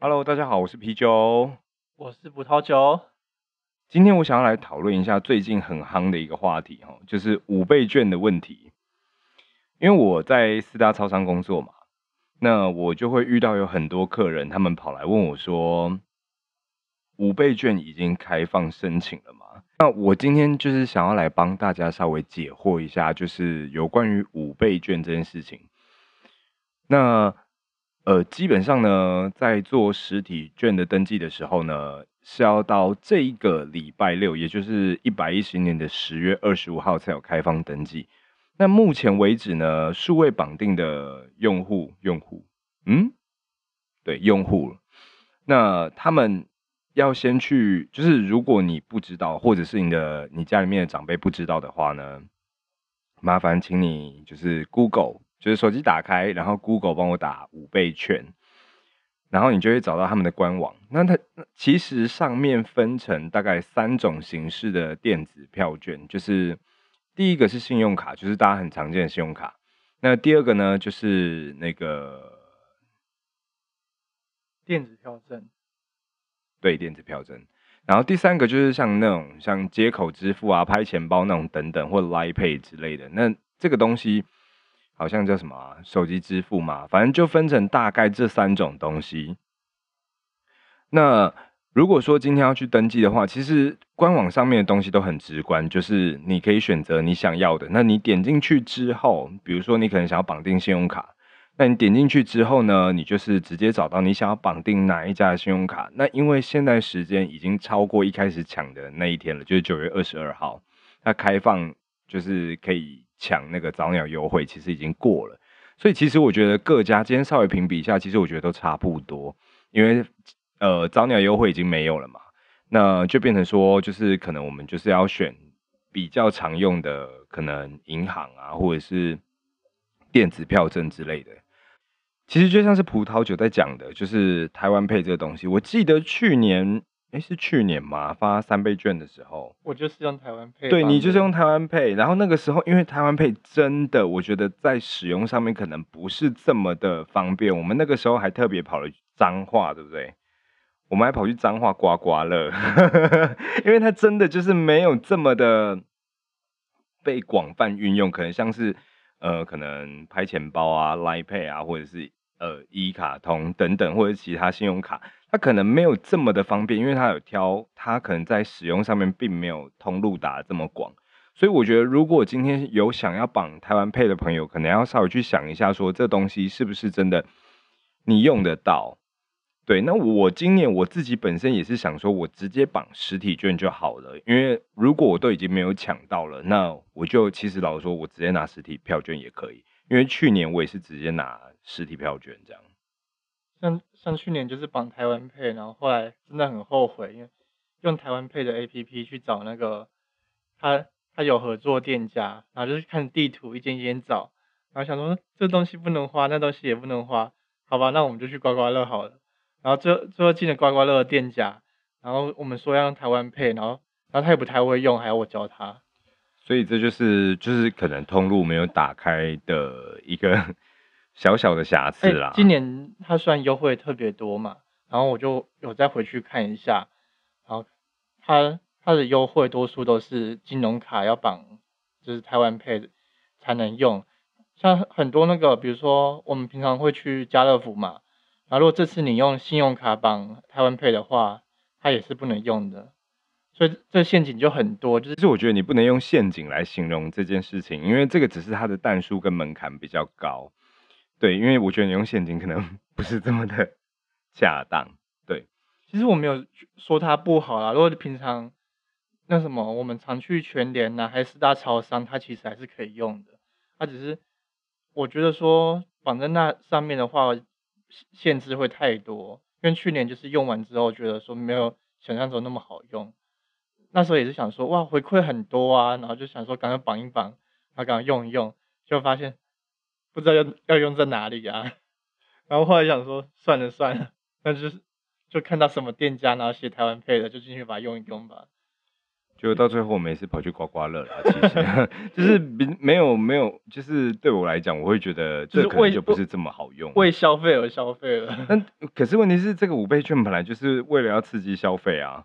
Hello，大家好，我是啤酒，我是葡萄酒。今天我想要來討論一下最近很夯的一個話題哈，就是五倍券的問題。因為我在四大超商工作嘛，那我就會遇到有很多客人，他們跑來問我說，五倍券已經開放申請了嗎？那我今天就是想要來幫大家稍微解惑一下，就是有關於五倍券這件事情。那呃，基本上呢，在做實體券的登記的時候呢，是要到這一個禮拜六，也就是一百一十年的十月二十五號才有開放登記。那目前為止呢，數位綁定的用戶，用戶，嗯，對，用戶，那他們要先去，就是如果你不知道，或者是你的你家裡面的長輩不知道的話呢，麻煩請你就是 Google。就是手機打開，然後 Google 幫我打五倍券，然後你就會找到他們的官網。那它其實上面分成大概三種形式的電子票券，就是第一個是信用卡，就是大家很常見的信用卡。那第二個呢，就是那個電子票證，對，電子票證。然後第三個就是像那種像接口支付啊、拍錢包那種等等，或 a 配之類的。那這個東西。好像叫什麼啊，手機支付嘛，反正就分成大概這三種東西。那如果說今天要去登記的話，其實官網上面的東西都很直觀，就是你可以選擇你想要的。那你點進去之後，比如說你可能想要綁定信用卡，那你點進去之後呢，你就是直接找到你想要綁定哪一家的信用卡。那因為現在時間已經超過一開始搶的那一天了，就是九月二十二號，那開放就是可以。搶那個早鳥優惠其實已經過了，所以其實我覺得各家今天稍微評比一下，其實我覺得都差不多，因為呃早鳥優惠已經沒有了嘛，那就變成說就是可能我們就是要選比較常用的，可能銀行啊或者是電子票證之類的。其實就像是葡萄酒在講的，就是台灣配這個東西，我記得去年。誒、欸，是去年嘛，發三倍券的時候，我就是用台灣 Pay。對，你就是用台灣 Pay，然後那個時候，因為台灣 Pay 真的，我覺得在使用上面可能不是這麼的方便。我們那個時候還特別跑了彰化，對不對？我們還跑去彰化刮刮樂，因為它真的就是沒有這麼的被廣泛運用。可能像是呃，可能拍錢包啊、Line Pay 啊，或者是呃一卡通等等，或者其他信用卡。他可能沒有這麼的方便，因為他有挑，他可能在使用上面並沒有通路打這麼廣，所以我覺得如果今天有想要綁台灣 Pay 的朋友，可能要稍微去想一下，說這東西是不是真的你用得到。對，那我今年我自己本身也是想說，我直接綁實體券就好了，因為如果我都已經沒有搶到了，那我就其實老實說，我直接拿實體票券也可以，因為去年我也是直接拿實體票券這樣。像像去年就是綁台灣 Pay，然後後來真的很後悔，因為用台灣 Pay 的 APP 去找那個他他有合作店家，然後就是看地圖一間一間找，然後想說這東西不能花，那東西也不能花，好吧，那我們就去刮刮樂好了。然後最後最後進了刮刮樂的店家，然後我們說要台灣 Pay，然後然後他也不太會用，還要我教他。所以這就是就是可能通路沒有打開的一個。小小的瑕疵啦，啊欸。今年它算優惠特別多嘛，然後我就有再回去看一下，然後它它的優惠多數都是金融卡要綁，就是台灣 Pay 才能用。像很多那個，比如說我們平常會去家樂福嘛，然後如果這次你用信用卡綁台灣 Pay 的話，它也是不能用的。所以這陷阱就很多，就是其實我覺得你不能用陷阱來形容這件事情，因為這個只是它的彈數跟門檻比較高。對，因為我覺得你用現金可能不是這麼的恰當。對，其實我沒有說它不好啦。如果你平常那什麼，我們常去全聯吶、啊，還是四大超商，它其實還是可以用的。它、啊、只是我覺得說綁在那上面的話，限制會太多。因為去年就是用完之後，覺得說沒有想象中那麼好用。那時候也是想說，哇，回饋很多啊，然後就想說，趕快綁一綁，然後趕快用一用，就發現。不知道要要用在哪裡啊，然後我後來想說算了算了，那就是就看到什麼店家然後寫台灣配的，就進去把它用一用吧。就到最後我沒事跑去刮刮樂了、啊，其實就是沒沒有沒有，就是對我來講，我會覺得這可能就不是這麼好用。就是、為，為消費而消費了。但可是問題是，這個五倍券本來就是為了要刺激消費啊，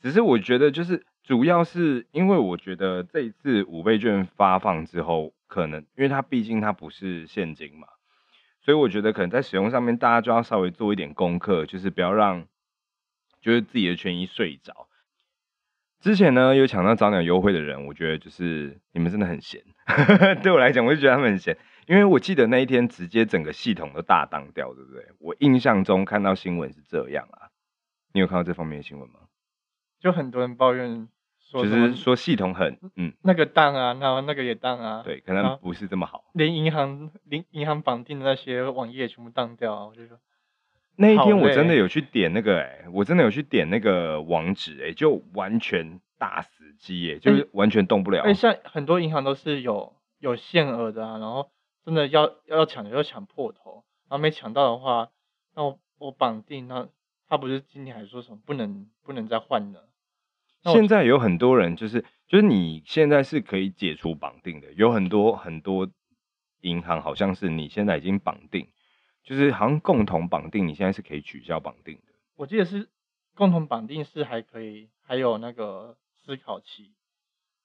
只是我覺得就是主要是因為我覺得這一次五倍券發放之後。可能，因為它畢竟它不是現金嘛，所以我覺得可能在使用上面，大家就要稍微做一點功課，就是不要讓就是自己的權益睡着。之前呢，有搶到早鳥優惠的人，我覺得就是你們真的很閒， 對我來講，我就覺得他們很閒，因為我記得那一天直接整個系統都大當掉，對不對？我印象中看到新聞是這樣啊，你有看到這方面的新聞嗎？就很多人抱怨。說就是說系統很，嗯，那個當啊，那那個也當啊，對，可能不是這麼好，連銀行、連銀行綁定的那些網頁全部當掉，我就說那一天我真的有去點那個、欸，哎、欸，我真的有去點那個網址、欸，哎，就完全大死機、欸，哎、欸，就是完全動不了。哎、欸，像很多銀行都是有有限額的啊，然後真的要要搶就要搶破頭，然後沒搶到的話，那我我綁定，那他不是今天還是說什麼不能不能再換了？現在有很多人就是，就是你現在是可以解除綁定的，有很多很多銀行好像是你現在已經綁定，就是好像共同綁定，你現在是可以取消綁定的。我記得是共同綁定是還可以，還有那個思考期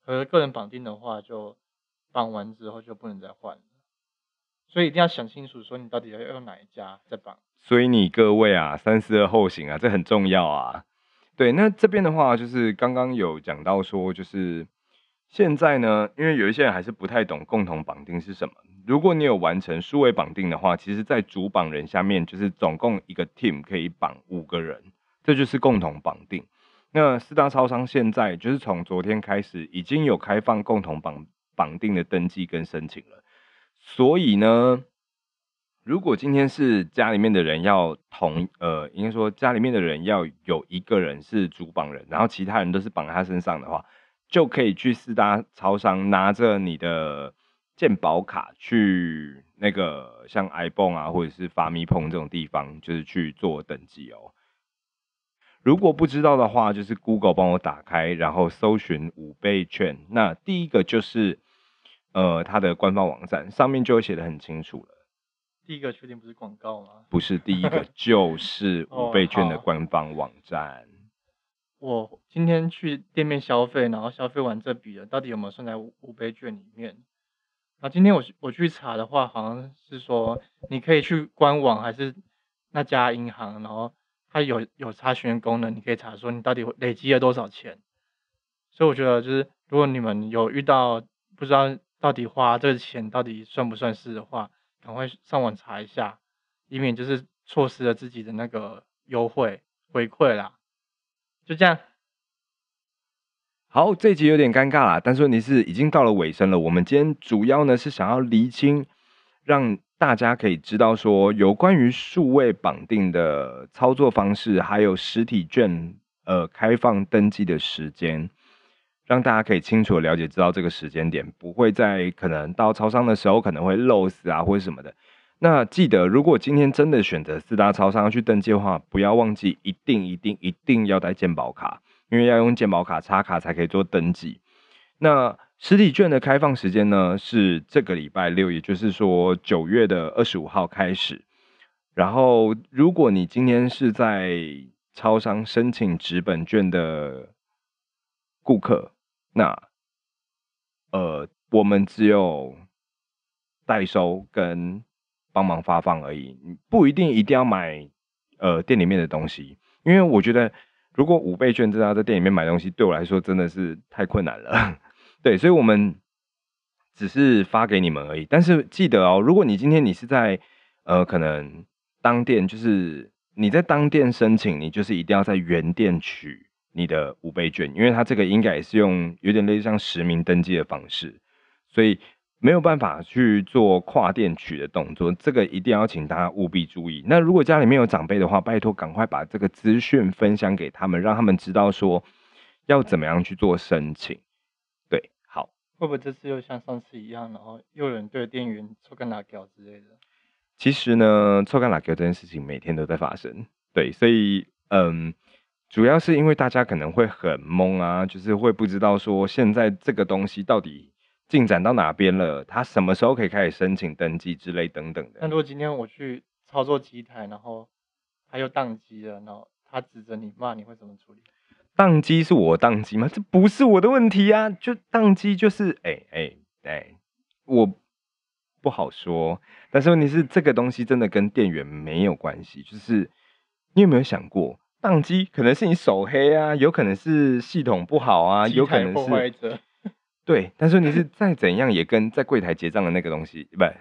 和個人綁定的話就綁完之後就不能再換，所以一定要想清楚，說你到底要要用哪一家再綁。所以你各位啊，三思而後行啊，這很重要啊。對，那這邊的話就是剛剛有講到說，就是現在呢，因為有一些人還是不太懂共同綁定是什麼。如果你有完成數位綁定的話，其實，在主綁人下面，就是總共一個 team 可以綁五個人，這就是共同綁定。那四大超商現在就是從昨天開始已經有開放共同綁綁定的登記跟申請了，所以呢。如果今天是家裡面的人要同呃，應該說家裡面的人要有一個人是主綁人，然後其他人都是綁在他身上的話，就可以去四大超商拿着你的健保卡去那個像 ibon 啊或者是 FamiPort 這種地方，就是去做登記哦。如果不知道的話，就是 Google 幫我打開，然後搜尋五倍券，那第一個就是呃它的官方網站上面就會寫的很清楚了。第一個確定不是廣告嗎？不是第一個， 就是五倍券的官方、哦、網站。我今天去店面消費，然後消費完這筆了，到底有沒有算在五倍券裡面？那今天我我去查的話，好像是說你可以去官網，還是那家銀行，然後它有有查詢功能，你可以查說你到底累積了多少錢。所以我覺得，就是如果你們有遇到不知道到底花這個錢到底算不算是的話。趕快上網查一下，以免就是錯失了自己的那個優惠回饋啦。就這樣，好，這一集有點尷尬啦，但是問題是已經到了尾聲了。我們今天主要呢是想要釐清，讓大家可以知道說有關於數位綁定的操作方式，還有實體券呃開放登記的時間。讓大家可以清楚的了解，知道這個時間點，不會在可能到超商的時候可能會漏死啊，或者什麼的。那記得，如果今天真的選擇四大超商去登記的話，不要忘記，一定一定一定要帶健保卡，因為要用健保卡插卡才可以做登記。那實體券的開放時間呢，是這個禮拜六，也就是說九月的二十五號開始。然後，如果你今天是在超商申請紙本券的顧客，那，呃，我們只有代收跟幫忙發放而已，不一定一定要買呃店裡面的東西。因為我覺得，如果五倍券這樣在店裡面買東西，對我來說真的是太困難了。對，所以我們只是發給你們而已。但是記得哦，如果你今天你是在呃可能當店，就是你在當店申請，你就是一定要在原店取。你的五倍券，因為它這個應該也是用有點類似像實名登記的方式，所以沒有辦法去做跨店取的動作。這個一定要請大家務必注意。那如果家裡面有長輩的話，拜託趕快把這個資訊分享給他們，讓他們知道說要怎麼樣去做申請。對，好。會不會這次又像上次一樣，然後又有人對店員臭幹譙之類的？其實呢，臭幹譙這件事情每天都在發生。對，所以嗯。主要是因為大家可能會很懵啊，就是會不知道說現在這個東西到底進展到哪邊了，它什麼時候可以開始申請登記之類等等的。那如果今天我去操作機台，然後他又宕機了，然後他指着你罵，你會怎麼處理？宕機是我宕機嗎？這不是我的問題啊，就宕機就是，哎哎哎，我不好說。但是問題是，這個東西真的跟店員沒有關係。就是你有沒有想過？當機可能是你手黑啊，有可能是系統不好啊，有可能是。對，但是你是再怎樣也跟在櫃檯結賬的那個東西，不是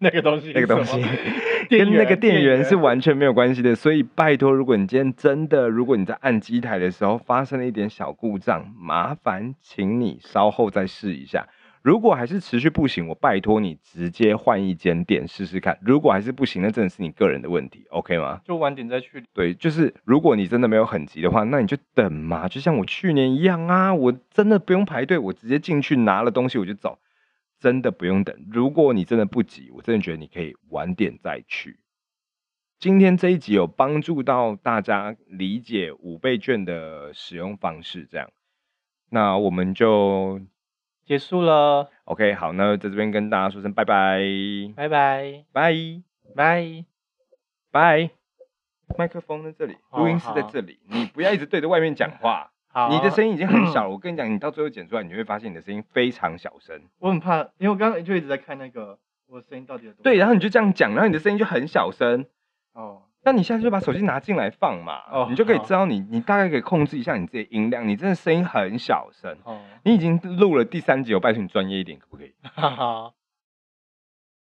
那個東西，那個東西跟那個電源是完全沒有關係的。所以拜託，如果你今天真的，如果你在按機台的時候發生了一點小故障，麻煩請你稍後再試一下。如果還是持續不行，我拜托你直接換一間店試試看。如果還是不行，那真的是你個人的問題，OK 嗎？就晚點再去。對，就是如果你真的沒有很急的話，那你就等嘛，就像我去年一樣啊，我真的不用排隊，我直接進去拿了東西我就走，真的不用等。如果你真的不急，我真的覺得你可以晚點再去。今天這一集有幫助到大家理解五倍券的使用方式，這樣，那我們就。結束了，OK，好，那在這邊跟大家說聲拜拜，拜拜，拜拜拜。麥克風在這裡，錄音室在這裡，你不要一直對着外面講話 好，你的聲音已經很小了。我跟你講，你到最後剪出來，你會發現你的聲音非常小聲。我很怕，因為我剛剛就一直在看那個我的聲音到底有多。對，然後你就這樣講，然後你的聲音就很小聲。哦。那你下次就把手機拿進來放嘛，oh, 你就可以知道你你大概可以控制一下你自己音量。你真的聲音很小聲，oh. 你已經錄了第三集，我拜托你專業一點，可不可以？